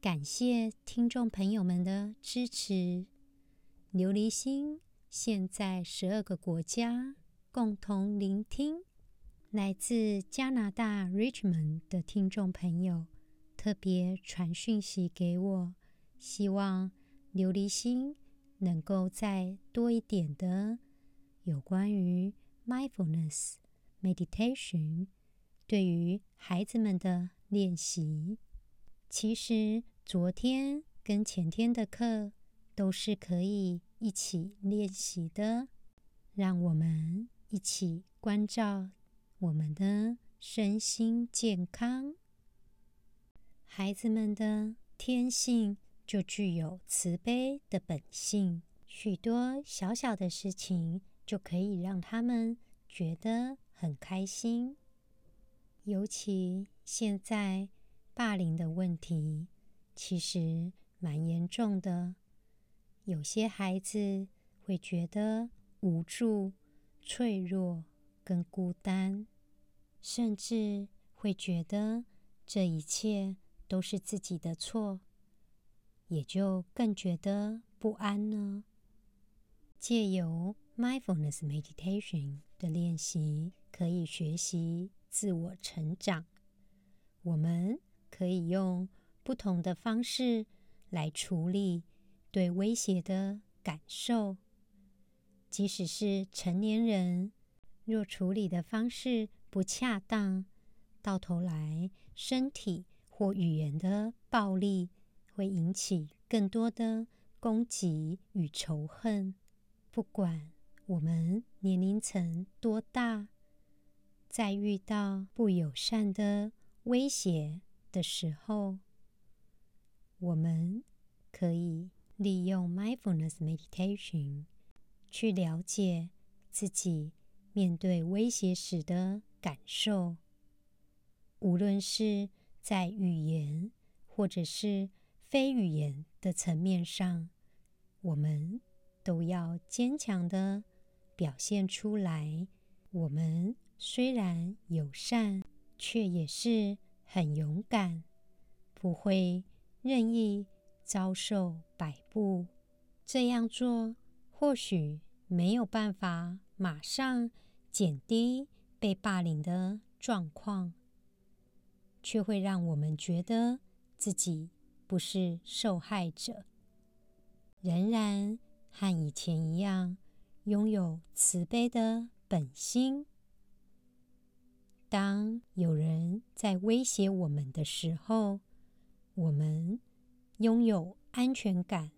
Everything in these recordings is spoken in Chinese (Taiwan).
感謝聽眾朋友們的支持。琉璃心現在十二個國家共同聆聽。來自加拿大 Richmond 的聽眾朋友特別傳訊息給我，希望琉璃心能夠再多一點的有關於 mindfulness meditation 對於孩子們的練習。其實昨天跟前天的課都是可以一起練習的。讓我們一起觀照我們的身心健康。孩子們的天性就具有慈悲的本性，許多小小的事情就可以讓他們覺得很開心。尤其現在。霸凌的問題其實蠻嚴重的，有些孩子會覺得無助、脆弱跟孤單，甚至會覺得這一切都是自己的錯，也就更覺得不安呢。借由 mindfulness meditation 的練習，可以學習自我成長，我們。可以用不同的方式來處理對威脅的感受。即使是成年人，若處理的方式不恰當，到頭來身體或語言的暴力會引起更多的攻擊與仇恨。不管我們年齡層多大，在遇到不友善的威脅，的時候，我們可以利用 mindfulness meditation 去了解自己面對威脅時的感受。無論是在語言或者是非語言的層面上，我們都要堅強的表現出來。我們雖然友善，卻也是。很勇敢，不會任意遭受擺布。這樣做或許沒有辦法馬上減低被霸凌的狀況，卻會讓我們覺得自己不是受害者，仍然和以前一樣擁有慈悲的本心。當有人在威脅我們的時候，我們擁有安全感，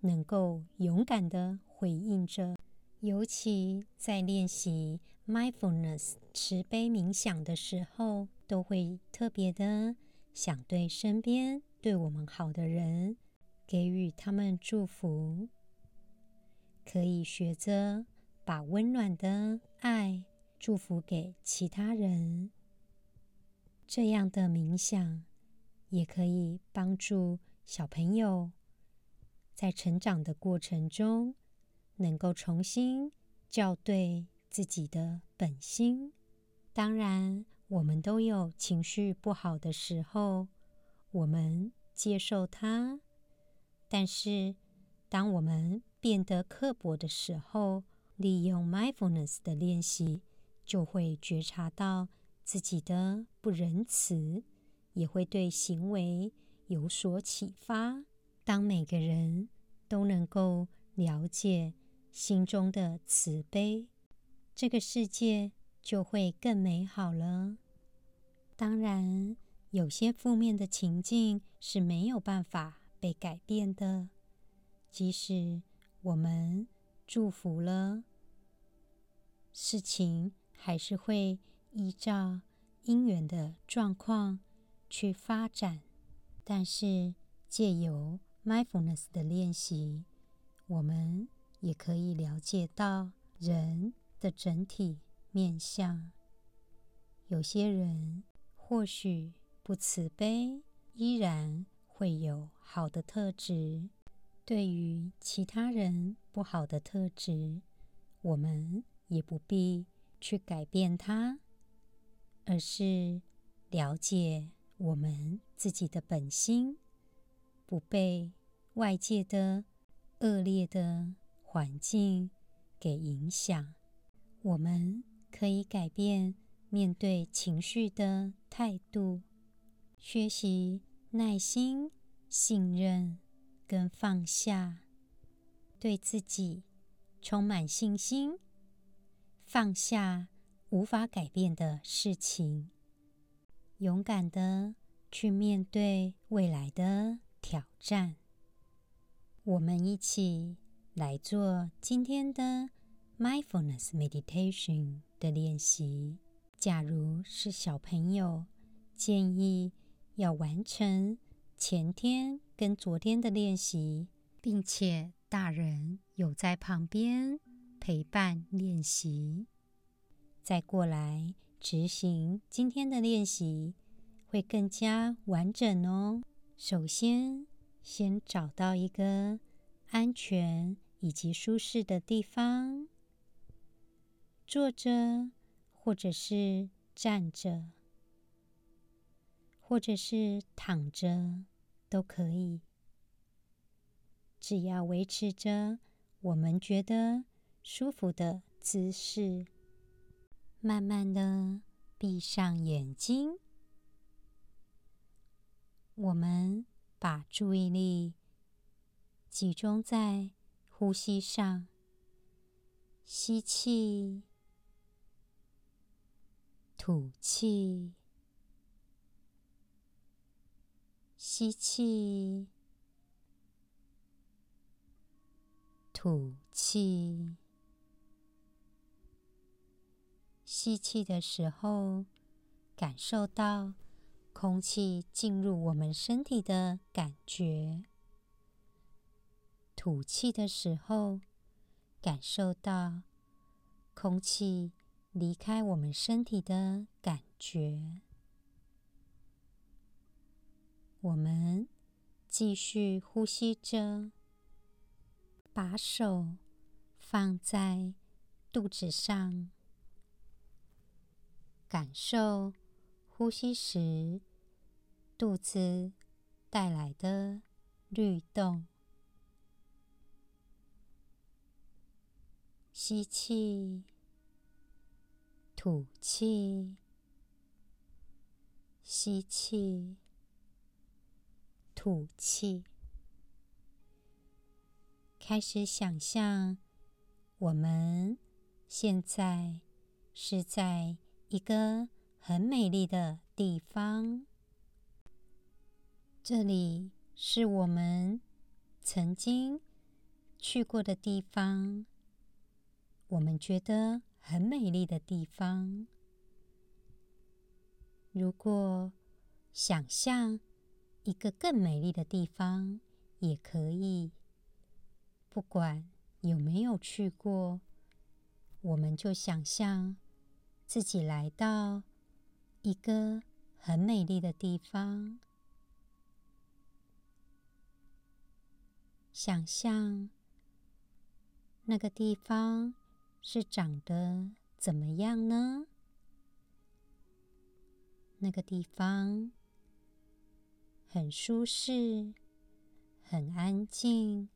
能夠勇敢的回應着。尤其在練習 mindfulness 慈悲冥想的時候，都會特別的想對身邊對我們好的人給予他們祝福。可以學着把溫暖的愛。祝福給其他人。這樣的冥想也可以幫助小朋友在成長的過程中，能夠重新校對自己的本心。當然，我們都有情緒不好的時候，我們接受它。但是，當我們變得刻薄的時候，利用 mindfulness 的練習。就會覺察到自己的不仁慈，也會對行為有所啟發。當每個人都能夠了解心中的慈悲，這個世界就會更美好了。當然，有些負面的情境是沒有辦法被改變的，即使我們祝福了事情。還是會依照因緣的狀況去發展，但是借由 mindfulness 的練習，我們也可以了解到人的整體面向。有些人或許不慈悲，依然會有好的特質；對於其他人不好的特質，我們也不必。去改變它，而是了解我們自己的本心，不被外界的惡劣的環境給影響。我們可以改變面對情緒的態度，學習耐心、信任跟放下，對自己充滿信心。放下無法改變的事情，勇敢地去面對未來的挑戰。我們一起來做今天的 mindfulness meditation 的練習。假如是小朋友，建議要完成前天跟昨天的練習，並且大人有在旁邊。陪伴練習，再過來執行今天的練習，會更加完整哦。首先，先找到一個安全以及舒適的地方，坐着，或者是站着，或者是躺着都可以，只要維持着我們覺得。舒服的姿勢，慢慢地閉上眼睛。我們把注意力集中在呼吸上。吸氣，吐氣，吸氣，吐氣。吸氣的時候，感受到空氣進入我們身體的感覺；吐氣的時候，感受到空氣離開我們身體的感覺。我們繼續呼吸着，把手放在肚子上。感受呼吸時肚子帶來的律動，吸氣，吐氣，吸氣，吐氣。開始想象，我們現在是在一個很美麗的地方，這裡是我們曾經去過的地方，我們覺得很美麗的地方。如果想象一個更美麗的地方也可以，不管有沒有去過，我們就想象。自己來到一個很美麗的地方，想象那個地方是長得怎麼樣呢？那個地方很舒適，很安靜，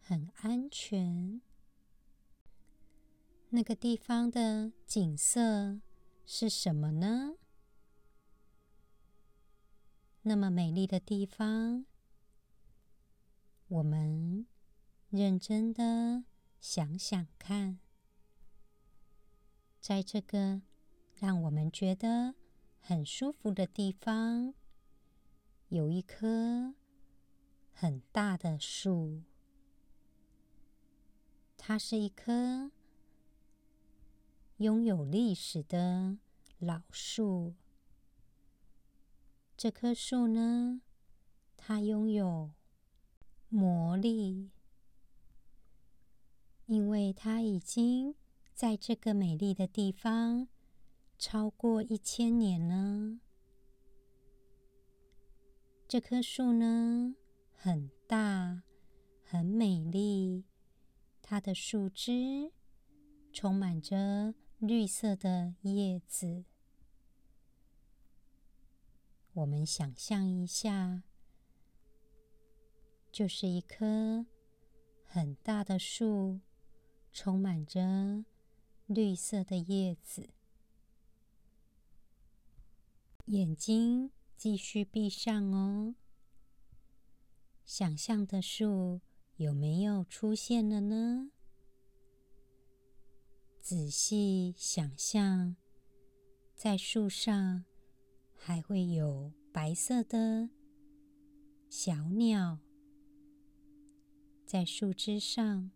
很安全。那個地方的景色是什麼呢？那麼美麗的地方，我們認真的想想看，在這個讓我們覺得很舒服的地方，有一棵很大的樹。它是一棵。擁有歷史的老樹，這棵樹呢，它擁有魔力，因為它已經在這個美麗的地方超過一千年了。這棵樹呢，很大，很美麗，它的樹枝充滿着。綠色的葉子，我們想象一下，就是一棵很大的樹，充滿着綠色的葉子。眼睛繼續閉上哦，想象的樹有沒有出現了呢？仔細想象，在樹上還會有白色的小鳥。在樹枝上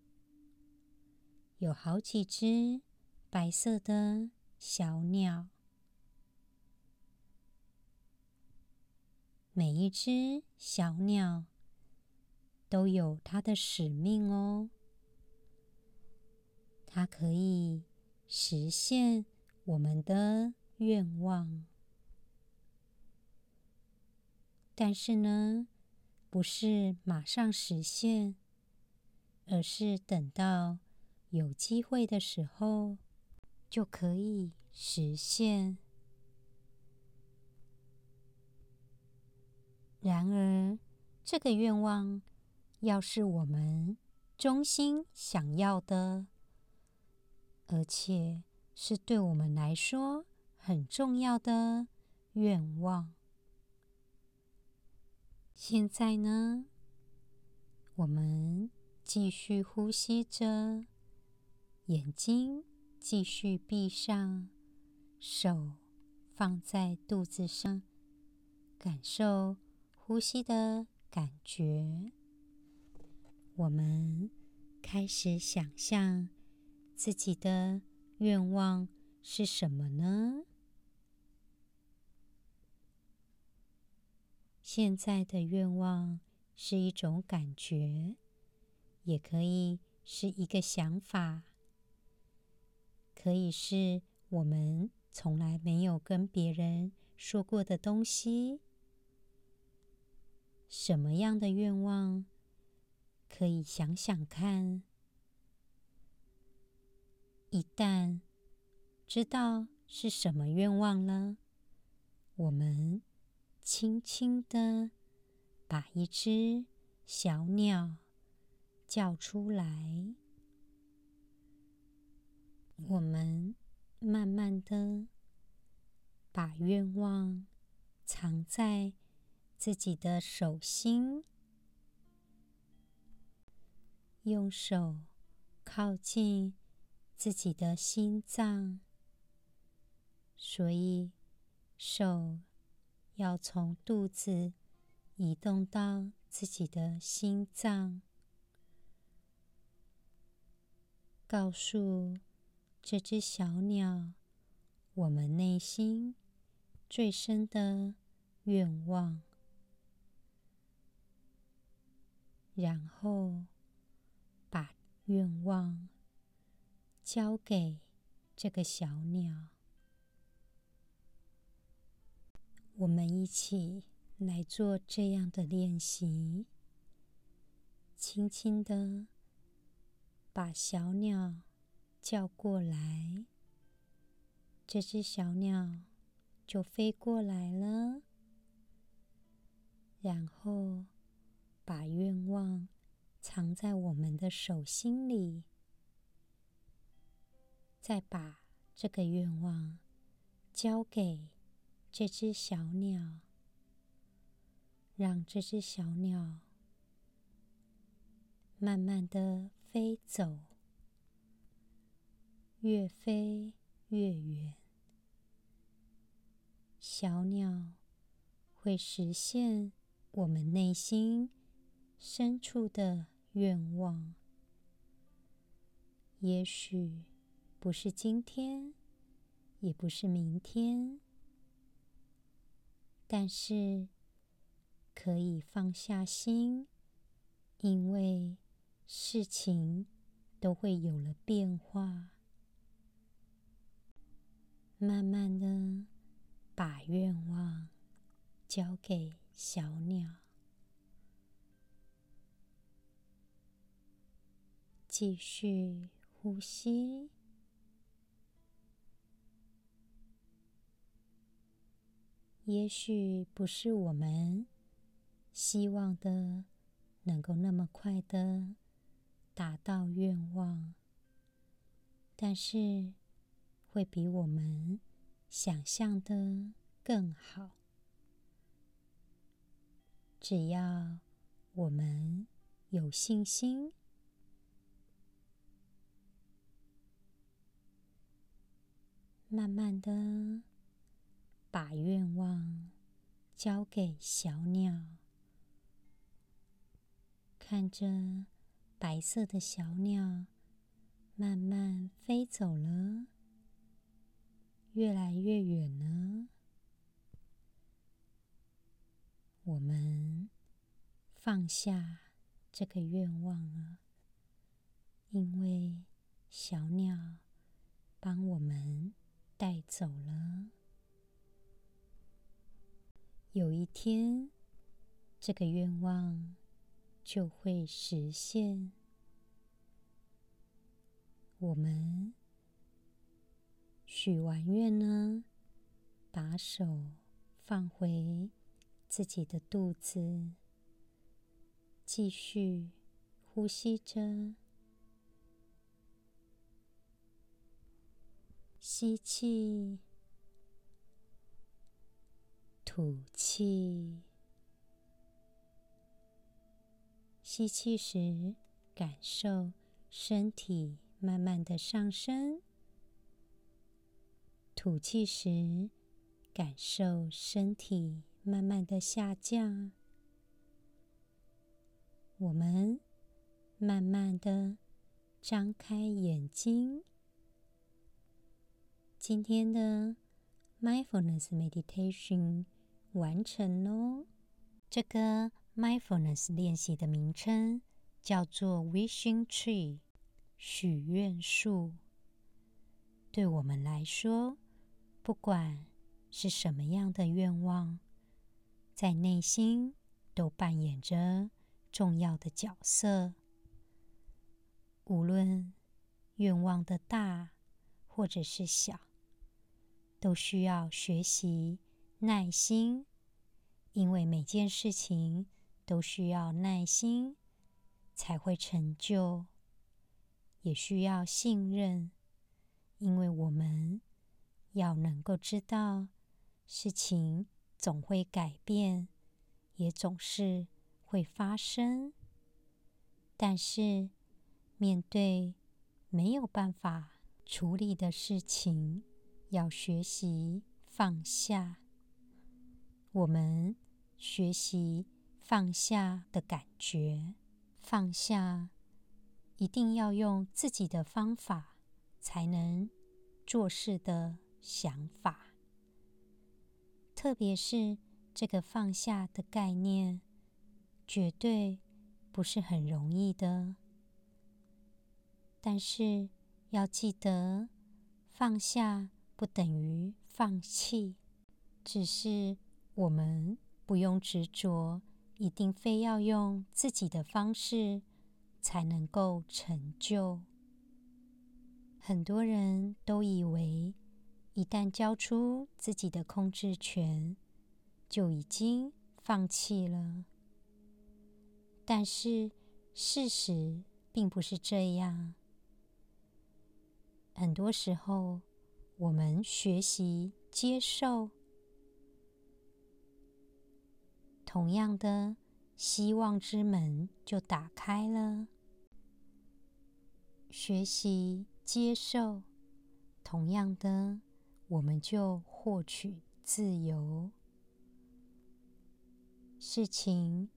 有好幾隻白色的小鳥，每一隻小鳥都有它的使命哦。它可以實現我們的願望，但是呢，不是馬上實現，而是等到有機會的時候就可以實現。然而，這個願望要是我們衷心想要的。而且是對我們來說很重要的願望。現在呢，我們繼續呼吸着，眼睛繼續閉上，手放在肚子上，感受呼吸的感覺。我們開始想象。自己的願望是什麼呢？現在的願望是一種感覺，也可以是一個想法，可以是我們從來沒有跟別人說過的東西。什麼樣的願望？可以想想看。一旦知道是什麼願望了，我們輕輕地把一隻小鳥叫出來，我們慢慢地把願望藏在自己的手心，用手靠近。自己的心臟，所以手要從肚子移動到自己的心臟，告訴這隻小鳥我們內心最深的願望，然後把願望。交給這個小鳥，我們一起來做這樣的練習。輕輕地把小鳥叫過來，這只小鳥就飛過來了。然後把願望藏在我們的手心裡。再把這個願望交給這隻小鳥，讓這隻小鳥慢慢的飛走，越飛越遠。小鳥會實現我們內心深處的願望，也許。不是今天，也不是明天，但是可以放下心，因為事情都會有了變化。慢慢的把願望交給小鳥，繼續呼吸。也許不是我們希望的能夠那麼快的達到願望，但是會比我們想象的更好。只要我們有信心，慢慢的。把願望交給小鳥，看着白色的小鳥慢慢飛走了，越來越遠了。我們放下這個願望啊，因為小鳥幫我們帶走了。有一天，這個願望就會實現。我們許完願呢，把手放回自己的肚子，繼續呼吸着，吸氣。吐氣，吸氣時感受身體慢慢的上升；吐氣時感受身體慢慢的下降。我們慢慢的張開眼睛。今天的 mindfulness meditation。完成哦！這個 mindfulness 練習的名稱叫做 wishing tree 許願樹。對我們來說，不管是什麼樣的願望，在內心都扮演着重要的角色。無論願望的大或者是小，都需要學習耐心，因為每件事情都需要耐心才會成就，也需要信任，因為我們要能夠知道事情總會改變，也總是會發生。但是，面對沒有辦法處理的事情，要學習放下。我們學習放下的感覺，放下一定要用自己的方法才能做事的想法。特別是這個放下的概念，絕對不是很容易的。但是要記得，放下不等於放棄，只是。我們不用執着，一定非要用自己的方式才能夠成就。很多人都以為，一旦交出自己的控制權，就已經放棄了。但是事實並不是這樣。很多時候，我們學習接受。同樣的，希望之門就打開了。學習接受，同樣的，我們就獲取自由。事情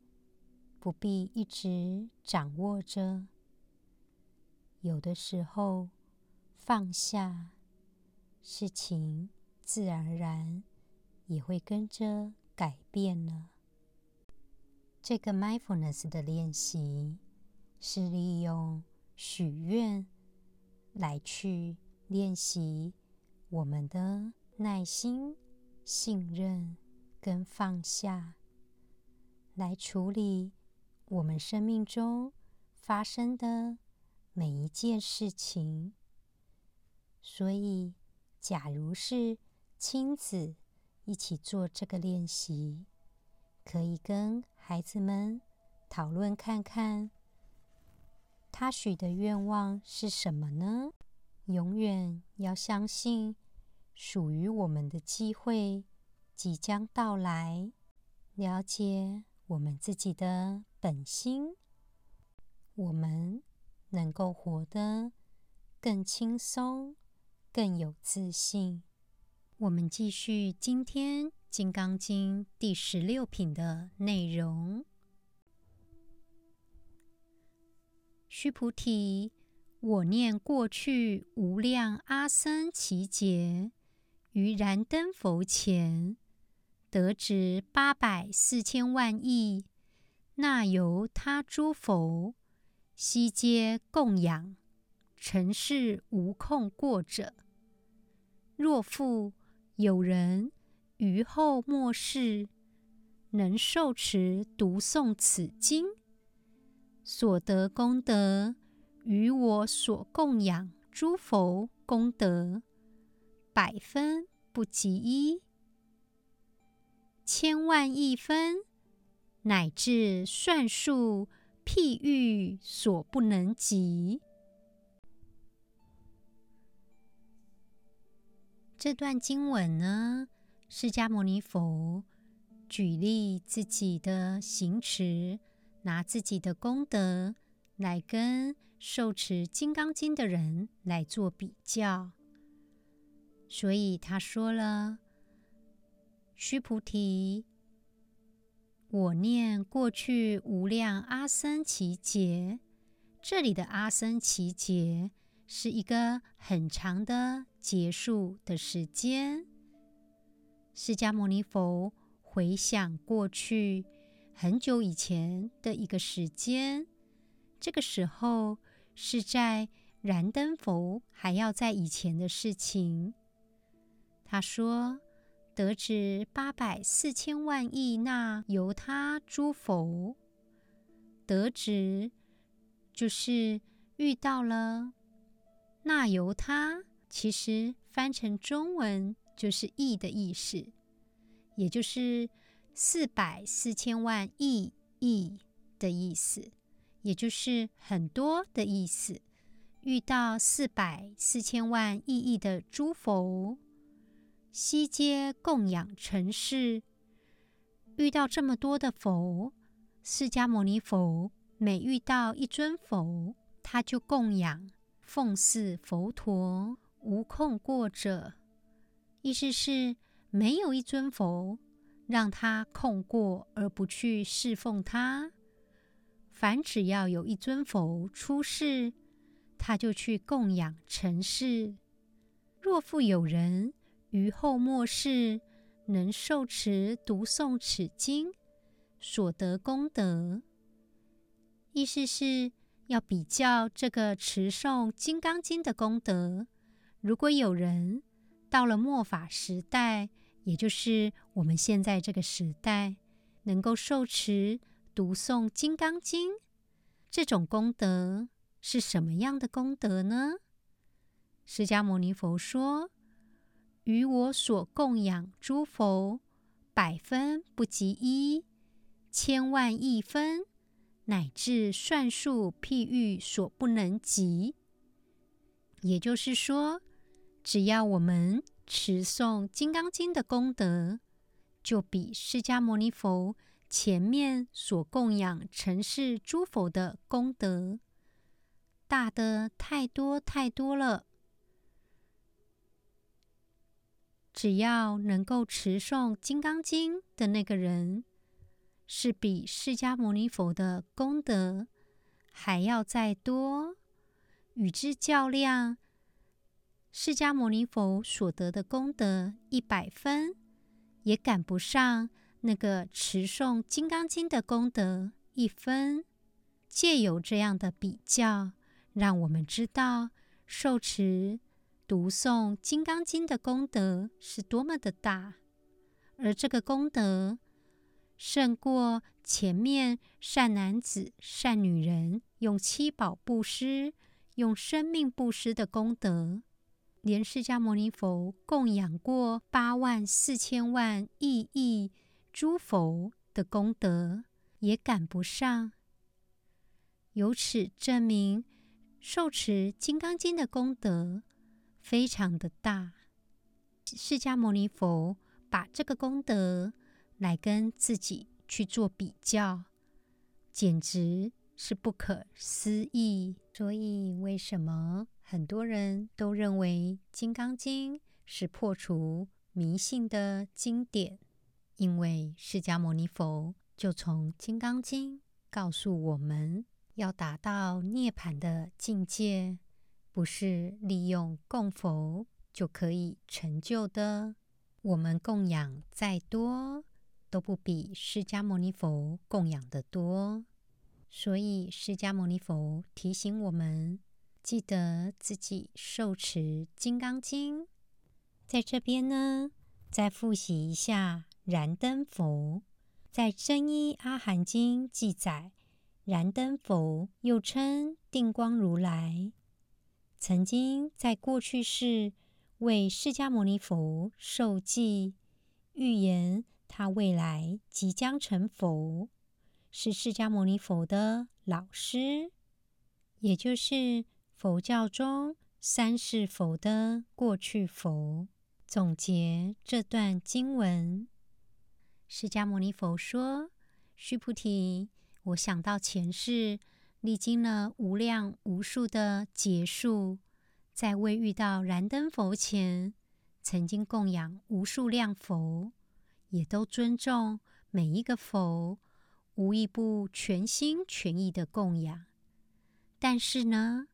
不必一直掌握着，有的時候放下，事情自然而然也會跟着改變了。這個 mindfulness 的練習是利用許願來去練習我們的耐心、信任跟放下，來處理我們生命中發生的每一件事情。所以，假如是親子一起做這個練習。可以跟孩子們討論看看，他許的願望是什麼呢？永遠要相信屬於我們的機會即將到來。了解我們自己的本心，我們能夠活得更輕鬆、更有自信。我們繼續今天。《金剛經》第十六品的內容：須菩提，我念過去無量阿僧祇劫，於燃燈佛前得值八百四千萬億那由他諸佛，悉皆供養，成世無空過者。若復有人，於後末世，能受持、讀誦此經，所得功德，與我所供養諸佛功德，百分不及一，千萬億分，乃至算數譬喻，所不能及。這段經文呢，釋迦牟尼佛舉例自己的行持，拿自己的功德來跟受持《金剛經》的人來做比較，所以他說了：“須菩提，我念過去無量阿僧祇劫，這裡的阿僧祇劫是一個很長的劫數的時間。”釋迦牟尼佛回想過去很久以前的一個時間，這個時候是在燃燈佛還要在以前的事情。他說：“得值八百四千萬億那由他諸佛，得值就是遇到了那由他，其實翻成中文。”就是億的意思，也就是四百四千萬億億的意思，也就是很多的意思。遇到四百四千萬億億的諸佛，悉皆供養承事。遇到這麼多的佛，釋迦牟尼佛，每遇到一尊佛，他就供養奉事佛陀，無空過者。意思是，沒有一尊佛讓他空過而不去侍奉他；凡只要有一尊佛出世，他就去供養承事。若復有人於後末世能受持讀誦此經，所得功德，意思是要比較這個持誦《金剛經》的功德。如果有人，到了末法時代，也就是我們現在這個時代，能夠受持、讀誦《金剛經》這種功德是什麼樣的功德呢？釋迦牟尼佛說：“於我所供養諸佛，百分不及一，千萬億分，乃至算數譬喻所不能及。”也就是說。只要我們持誦《金剛經》的功德，就比釋迦牟尼佛前面所供養承事諸佛的功德大得太多太多了。只要能夠持誦《金剛經》的那個人，是比釋迦牟尼佛的功德還要再多，與之較量。釋迦牟尼佛所得的功德一百分，也趕不上那個持誦《金剛經》的功德一分。借由這樣的比較，讓我們知道受持、讀誦《金剛經》的功德是多麼的大，而這個功德勝過前面善男子、善女人用七寶布施、用生命布施的功德。連釋迦牟尼佛供養過八萬四千萬億億諸佛的功德也趕不上，由此證明受持《金剛經》的功德非常的大。釋迦牟尼佛把這個功德來跟自己去做比較，簡直是不可思議。所以，為什麼？很多人都認為《金剛經》是破除迷信的經典，因為釋迦牟尼佛就從《金剛經》告訴我們，要達到涅槃的境界，不是利用供佛就可以成就的。我們供養再多，都不比釋迦牟尼佛供養得多，所以釋迦牟尼佛提醒我們。記得自己受持《金剛經》，在這邊呢，再復習一下燃燈佛。在《增一阿含經》記載，燃燈佛又稱定光如來，曾經在過去世為釋迦牟尼佛授記，預言他未來即將成佛，是釋迦牟尼佛的老師，也就是。佛教中，三世佛的過去佛。總結這段經文。釋迦牟尼佛說：“須菩提，我想到前世歷經了無量無數的劫數，在未遇到燃燈佛前，曾經供養無數量佛，也都尊重每一個佛，無一不全心全意的供養。但是呢？”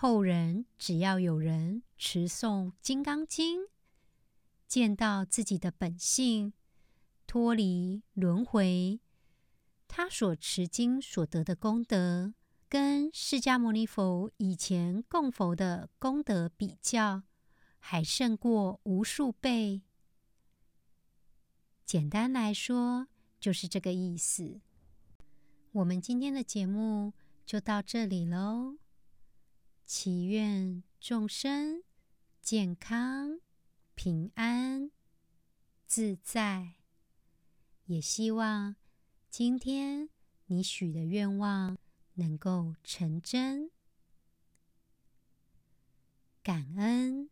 後人只要有人持誦《金剛經》，見到自己的本性，脫離輪迴，他所持經所得的功德，跟釋迦牟尼佛以前供佛的功德比較，還勝過無數倍。簡單來說，就是這個意思。我們今天的節目就到這裡嘍。祈願眾生健康、平安、自在，也希望今天你許的願望能夠成真。感恩。